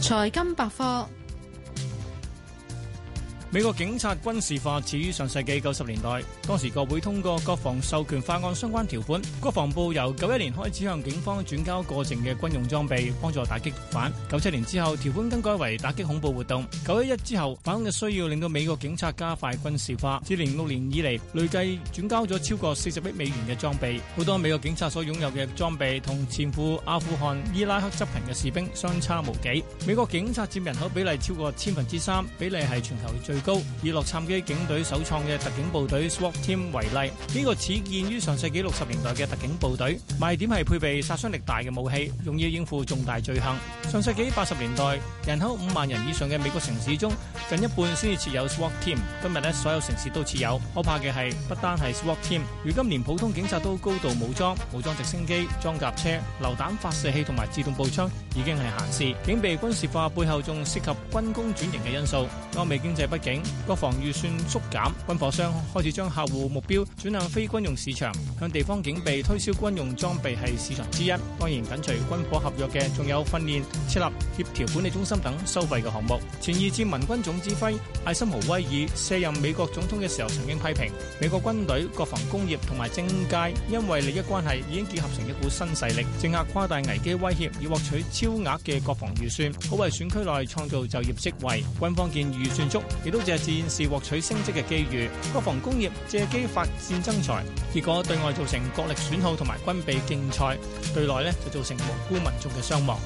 財金百科。美國警察軍事化始於上世紀九十年代，當時國會通過國防授權法案相關條款，國防部由九一年開始向警方轉交過剩嘅軍用裝備，幫助打擊毒販。九七年之後，條款更改為打擊恐怖活動。九一一之後，反恐嘅需要令到美國警察加快軍事化。自零六年以嚟，累計轉交咗超過四十億美元嘅裝備，好多美國警察所擁有嘅裝備同前赴阿富汗、伊拉克執行嘅士兵相差無幾。美國警察占人口比例超過千分之三，比例係全球最高。以洛杉磯警隊首創嘅特警部隊 SWAT Team 為例，呢個始建於上世紀六十年代嘅特警部隊，賣點係配備殺傷力大嘅武器，用以應付重大罪行。上世紀八十年代，人口五萬人以上嘅美國城市中，近一半先至設有 SWAT Team，今日呢，所有城市都設有。可怕嘅係，不單係 SWAT team，如今連普通警察都高度武裝，武裝直升機、裝甲車、榴彈發射器同埋自動步槍，已經係閒事。警備軍事化背後，仲涉及軍工轉型嘅因素，歐美經濟不見。國防預算縮減，軍火商開始將客戶目標轉向非軍用市場，向地方警備推銷軍用裝備係市場之一。當然，緊隨軍火合約嘅仲有訓練、設立、協調管理中心等收費嘅項目。前二戰盟軍總指揮艾森豪威爾卸任美國總統嘅時候，曾經批評美國軍隊、國防工業同埋政界因為利益關係已經結合成一股新勢力，政客誇大危機威脅，以獲取超額嘅國防預算，好為選區內創造就業職位。軍方見預算足，亦都。借戰事獲取升職嘅機遇，國防工業借機發戰爭財，結果對外造成國力損耗同埋軍備競賽，對內呢就造成無辜民眾嘅傷亡。